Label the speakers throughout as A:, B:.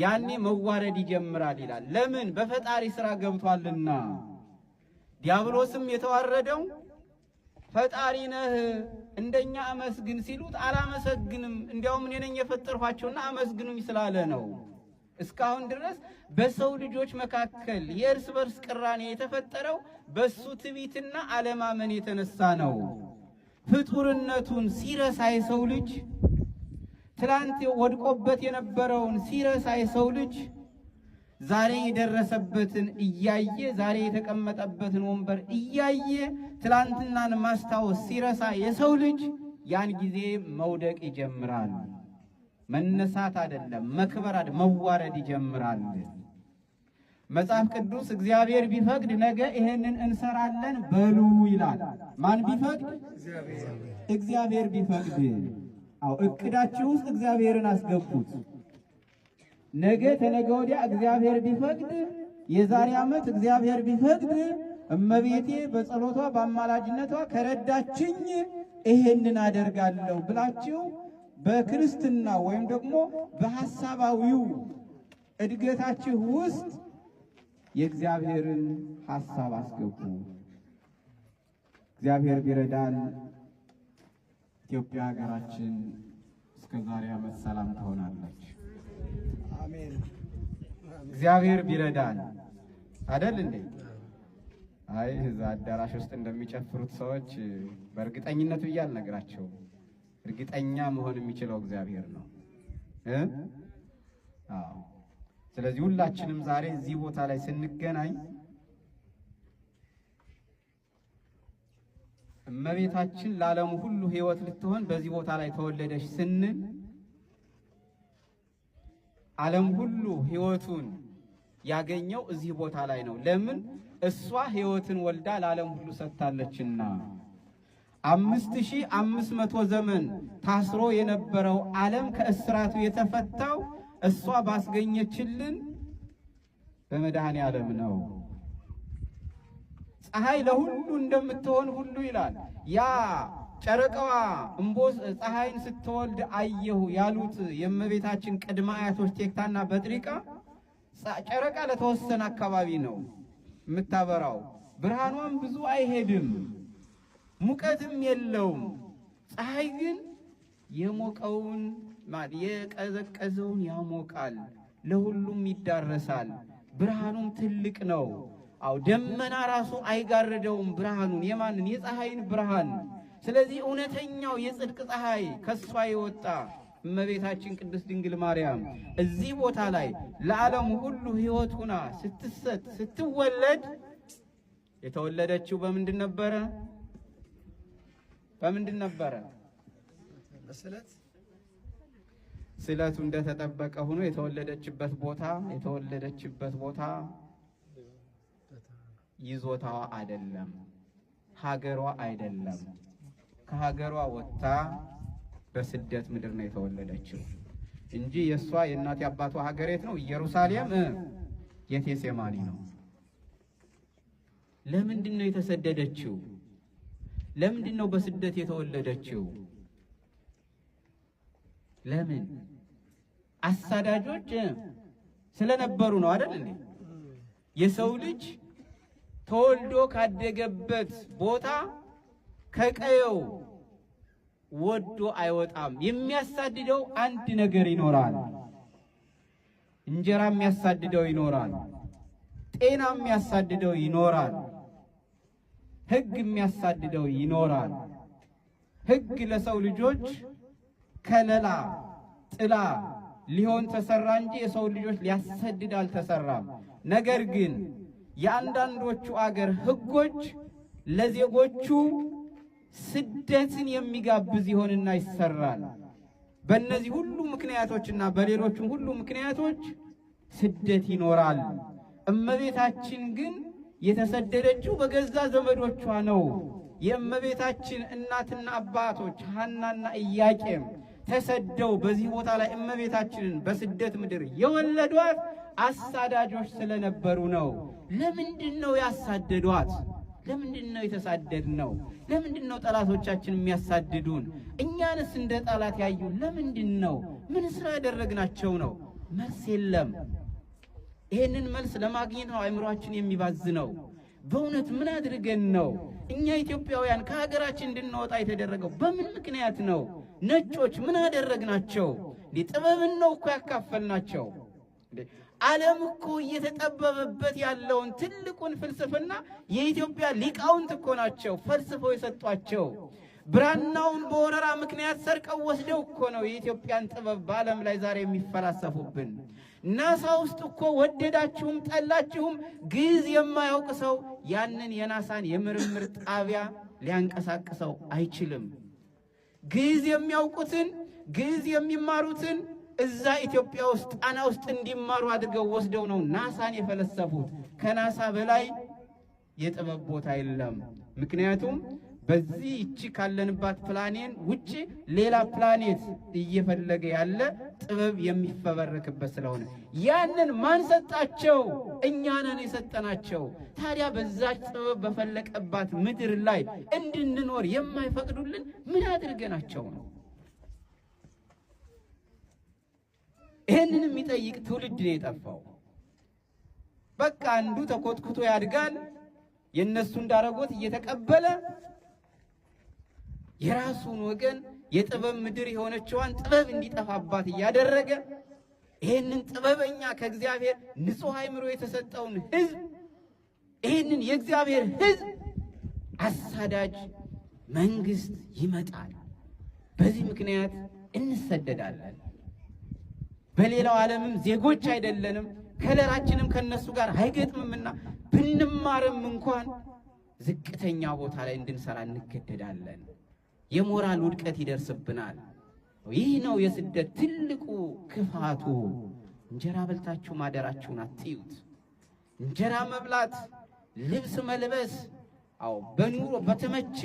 A: ያኔ መዋረድ ይጀምራል ይላል። ለምን? በፈጣሪ ስራ ገብቷልና። ዲያብሎስም የተዋረደው ፈጣሪ ነህ እንደኛ አመስግን ሲሉት አላመሰግንም፣ እንዲያውም እኔ ነኝ የፈጠርኋቸውና አመስግኑኝ ስላለ ነው። እስካሁን ድረስ በሰው ልጆች መካከል የእርስ በርስ ቅራኔ የተፈጠረው በሱ ትቢትና አለማመን የተነሳ ነው። ፍጡርነቱን ሲረሳ የሰው ልጅ ትላንት ወድቆበት የነበረውን ሲረሳ የሰው ልጅ ዛሬ የደረሰበትን እያየ ዛሬ የተቀመጠበትን ወንበር እያየ ትላንትናን ማስታወስ ሲረሳ የሰው ልጅ ያን ጊዜ መውደቅ ይጀምራል። መነሳት አይደለም መክበር፣ መዋረድ ይጀምራል። መጽሐፍ ቅዱስ እግዚአብሔር ቢፈቅድ ነገ ይህንን እንሰራለን በሉ ይላል። ማን ቢፈቅድ? እግዚአብሔር ቢፈቅድ እቅዳችሁ ውስጥ እግዚአብሔርን አስገቡት። ነገ ተነገ ወዲያ እግዚአብሔር ቢፈቅድ የዛሬ ዓመት እግዚአብሔር ቢፈቅድ እመቤቴ በጸሎቷ በአማላጅነቷ ከረዳችኝ ይሄንን አደርጋለሁ ብላችሁ በክርስትና ወይም ደግሞ በሐሳባዊው እድገታችሁ ውስጥ የእግዚአብሔርን ሐሳብ አስገቡ። እግዚአብሔር ቢረዳን ኢትዮጵያ ሀገራችን እስከ ዛሬ ዓመት ሰላም ትሆናለች። እግዚአብሔር ቢረዳን አደል እንዴ? አይ እዛ አዳራሽ ውስጥ እንደሚጨፍሩት ሰዎች በእርግጠኝነት ብዬ አልነግራቸውም። እርግጠኛ መሆን የሚችለው እግዚአብሔር ነው። ስለዚህ ሁላችንም ዛሬ እዚህ ቦታ ላይ ስንገናኝ እመቤታችን ለዓለሙ ሁሉ ሕይወት ልትሆን በዚህ ቦታ ላይ ተወለደች ስንል ዓለም ሁሉ ሕይወቱን ያገኘው እዚህ ቦታ ላይ ነው። ለምን? እሷ ሕይወትን ወልዳ ለዓለም ሁሉ ሰጥታለችና። አምስት ሺህ አምስት መቶ ዘመን ታስሮ የነበረው ዓለም ከእስራቱ የተፈታው እሷ ባስገኘችልን በመድኃኔ ዓለም ነው። ፀሐይ ለሁሉ እንደምትሆን ሁሉ ይላል ያ ጨረቃዋ እምቦስ ፀሐይን ስትወልድ አየሁ ያሉት የእመቤታችን ቅድመ አያቶች ቴክታና በጥሪቃ ጨረቃ ለተወሰነ አካባቢ ነው የምታበራው። ብርሃኗም ብዙ አይሄድም፣ ሙቀትም የለውም። ፀሐይ ግን የሞቀውን የቀዘቀዘውን ያሞቃል፣ ለሁሉም ይዳረሳል። ብርሃኑም ትልቅ ነው። አው ደመና ራሱ አይጋረደውም ብርሃኑን የማንን የፀሐይን ብርሃን። ስለዚህ እውነተኛው የጽድቅ ፀሐይ ከሷ የወጣ እመቤታችን ቅድስት ድንግል ማርያም እዚህ ቦታ ላይ ለዓለም ሁሉ ሕይወት ሁና ስትሰጥ ስትወለድ የተወለደችው በምንድን ነበረ? በምንድን ነበረ? ስለቱ እንደተጠበቀ ሆኖ የተወለደችበት ቦታ የተወለደችበት ቦታ ይዞታዋ አይደለም፣ ሀገሯ አይደለም። ከሀገሯ ወጥታ በስደት ምድር ነው የተወለደችው እንጂ የእሷ የእናት አባቷ ሀገር የት ነው? ኢየሩሳሌም የቴሴማኒ ነው። ለምንድን ነው የተሰደደችው? ለምንድን ነው በስደት የተወለደችው? ለምን? አሳዳጆች ስለነበሩ ነው አይደል? የሰው ልጅ ተወልዶ ካደገበት ቦታ ከቀየው ወዶ አይወጣም። የሚያሳድደው አንድ ነገር ይኖራል። እንጀራ የሚያሳድደው ይኖራል። ጤና የሚያሳድደው ይኖራል። ሕግ የሚያሳድደው ይኖራል። ሕግ ለሰው ልጆች ከለላ ጥላ ሊሆን ተሰራ እንጂ የሰው ልጆች ሊያሰድድ አልተሰራም። ነገር ግን የአንዳንዶቹ አገር ህጎች ለዜጎቹ ስደትን የሚጋብዝ ይሆንና ይሰራል። በእነዚህ ሁሉ ምክንያቶችና በሌሎችም ሁሉ ምክንያቶች ስደት ይኖራል። እመቤታችን ግን የተሰደደችው በገዛ ዘመዶቿ ነው። የእመቤታችን እናትና አባቶች ሐናና ኢያቄም ተሰደው በዚህ ቦታ ላይ እመቤታችንን በስደት ምድር የወለዷት አሳዳጆች ስለነበሩ ነው። ለምንድን ነው ያሳደዷት? ለምንድን ነው የተሳደድ ነው? ለምንድን ነው ጠላቶቻችን የሚያሳድዱን? እኛንስ እንደ ጠላት ያዩ ለምንድን ነው? ምን ስራ ያደረግናቸው ነው? መልስ የለም። ይህንን መልስ ለማግኘት ነው አይምሯችን የሚባዝ ነው። በእውነት ምን አድርገን ነው እኛ ኢትዮጵያውያን ከሀገራችን እንድንወጣ የተደረገው? በምን ምክንያት ነው? ነጮች ምን አደረግናቸው? ጥበብን ነው እኮ ያካፈልናቸው። ዓለም እኮ እየተጠበበበት ያለውን ትልቁን ፍልስፍና የኢትዮጵያ ሊቃውንት እኮ ናቸው ፈልስፈው የሰጧቸው። ብራናውን በወረራ ምክንያት ሰርቀው ወስደው እኮ ነው የኢትዮጵያን ጥበብ በዓለም ላይ ዛሬ የሚፈላሰፉብን። ናሳ ውስጥ እኮ ወደዳችሁም ጠላችሁም ግዕዝ የማያውቅ ሰው ያንን የናሳን የምርምር ጣቢያ ሊያንቀሳቅሰው አይችልም። ግዕዝ የሚያውቁትን ግዕዝ የሚማሩትን እዛ ኢትዮጵያ ውስጥ ጣና ውስጥ እንዲማሩ አድርገው ወስደው ነው ናሳን የፈለሰፉት። ከናሳ በላይ የጥበብ ቦታ የለም። ምክንያቱም በዚህ ይቺ ካለንባት ፕላኔን ውጭ ሌላ ፕላኔት እየፈለገ ያለ ጥበብ የሚፈበረክበት ስለሆነ ያንን ማን ሰጣቸው? እኛንን የሰጠናቸው። ታዲያ በዛች ጥበብ በፈለቀባት ምድር ላይ እንድንኖር የማይፈቅዱልን ምን አድርገናቸው ነው? ይህንን የሚጠይቅ ትውልድ ነው የጠፋው። በቃ አንዱ ተኮትኩቶ ያድጋል የእነሱ እንዳረጎት እየተቀበለ የራሱን ወገን የጥበብ ምድር የሆነችዋን ጥበብ እንዲጠፋባት እያደረገ ይህንን ጥበበኛ ከእግዚአብሔር ንጹሕ አይምሮ የተሰጠውን ሕዝብ ይህንን የእግዚአብሔር ሕዝብ አሳዳጅ መንግስት ይመጣል። በዚህ ምክንያት እንሰደዳለን። በሌላው ዓለምም ዜጎች አይደለንም፣ ከለራችንም ከነሱ ጋር አይገጥምምና ብንማርም እንኳን ዝቅተኛ ቦታ ላይ እንድንሰራ እንገደዳለን። የሞራል ውድቀት ይደርስብናል። ይህ ነው የስደት ትልቁ ክፋቱ። እንጀራ በልታችሁ ማደራችሁን አትዩት። እንጀራ መብላት፣ ልብስ መልበስ፣ አዎ በኑሮ በተመቸ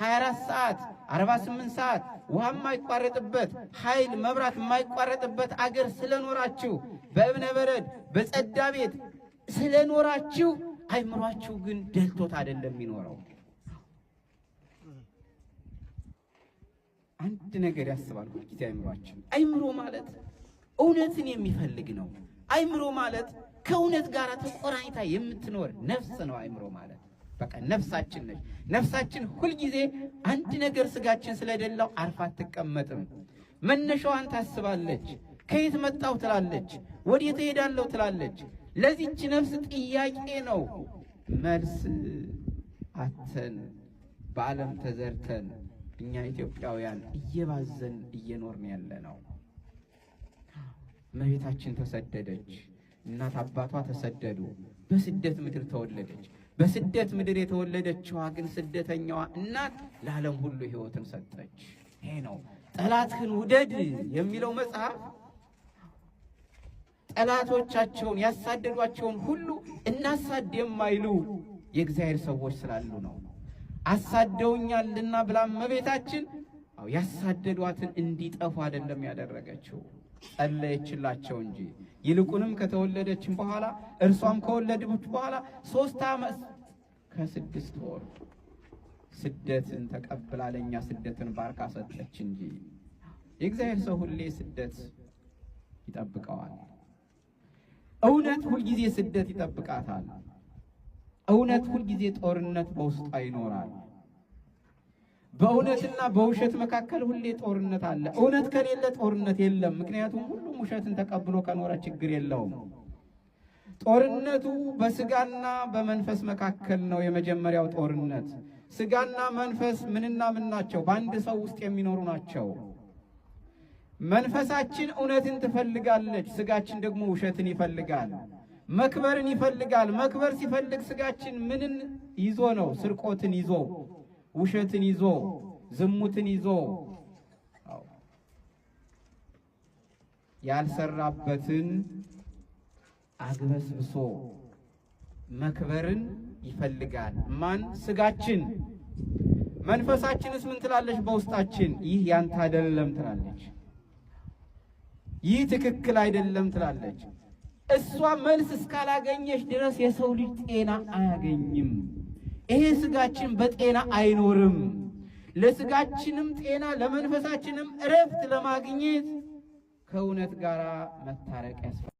A: 24 ሰዓት 48 ሰዓት ውሃ የማይቋረጥበት ኃይል መብራት የማይቋረጥበት አገር ስለኖራችሁ በእብነ በረድ በጸዳ ቤት ስለኖራችሁ አይምሯችሁ ግን ደልቶት አይደለም የሚኖረው። አንድ ነገር ያስባል ሁልጊዜ አይምሯችን። አይምሮ ማለት እውነትን የሚፈልግ ነው። አይምሮ ማለት ከእውነት ጋር ተቆራኝታ የምትኖር ነፍስ ነው። አይምሮ ማለት በቃ ነፍሳችን ነች። ነፍሳችን ሁልጊዜ አንድ ነገር ስጋችን ስለደላው አርፋ አትቀመጥም። መነሻዋን ታስባለች። ከየት መጣው ትላለች፣ ወዴት እሄዳለሁ ትላለች። ለዚች ነፍስ ጥያቄ ነው መልስ አተን በዓለም ተዘርተን እኛ ኢትዮጵያውያን እየባዘን እየኖርን ያለ ነው። እመቤታችን ተሰደደች። እናት አባቷ ተሰደዱ። በስደት ምድር ተወለደች። በስደት ምድር የተወለደችዋ ግን ስደተኛዋ እናት ለዓለም ሁሉ ሕይወትን ሰጠች። ይሄ ነው ጠላትህን ውደድ የሚለው መጽሐፍ። ጠላቶቻቸውን ያሳደዷቸውን ሁሉ እናሳድ የማይሉ የእግዚአብሔር ሰዎች ስላሉ ነው። አሳደውኛልና ብላ እመቤታችን ያሳደዷትን እንዲጠፉ አይደለም ያደረገችው ጸለየችላቸው እንጂ ይልቁንም ከተወለደችም በኋላ እርሷም ከወለደች በኋላ ሶስት ዓመት ከስድስት ወር ስደትን ተቀብላ ለእኛ ስደትን ባርካ ሰጠች እንጂ የእግዚአብሔር ሰው ሁሌ ስደት ይጠብቀዋል። እውነት ሁልጊዜ ስደት ይጠብቃታል። እውነት ሁልጊዜ ጦርነት በውስጧ ይኖራል። በእውነትና በውሸት መካከል ሁሌ ጦርነት አለ። እውነት ከሌለ ጦርነት የለም። ምክንያቱም ሁሉም ውሸትን ተቀብሎ ከኖረ ችግር የለውም። ጦርነቱ በስጋና በመንፈስ መካከል ነው። የመጀመሪያው ጦርነት ስጋና መንፈስ ምንና ምን ናቸው? በአንድ ሰው ውስጥ የሚኖሩ ናቸው። መንፈሳችን እውነትን ትፈልጋለች፣ ስጋችን ደግሞ ውሸትን ይፈልጋል። መክበርን ይፈልጋል። መክበር ሲፈልግ ስጋችን ምንን ይዞ ነው? ስርቆትን ይዞ፣ ውሸትን ይዞ፣ ዝሙትን ይዞ ያልሰራበትን አግበስብሶ መክበርን ይፈልጋል። ማን? ስጋችን። መንፈሳችንስ ምን ትላለች? በውስጣችን ይህ ያንተ አይደለም ትላለች። ይህ ትክክል አይደለም ትላለች። እሷ መልስ እስካላገኘች ድረስ የሰው ልጅ ጤና አያገኝም። ይሄ ስጋችን በጤና አይኖርም። ለስጋችንም ጤና ለመንፈሳችንም እረፍት ለማግኘት ከእውነት ጋር መታረቅ ያስፈልጋል።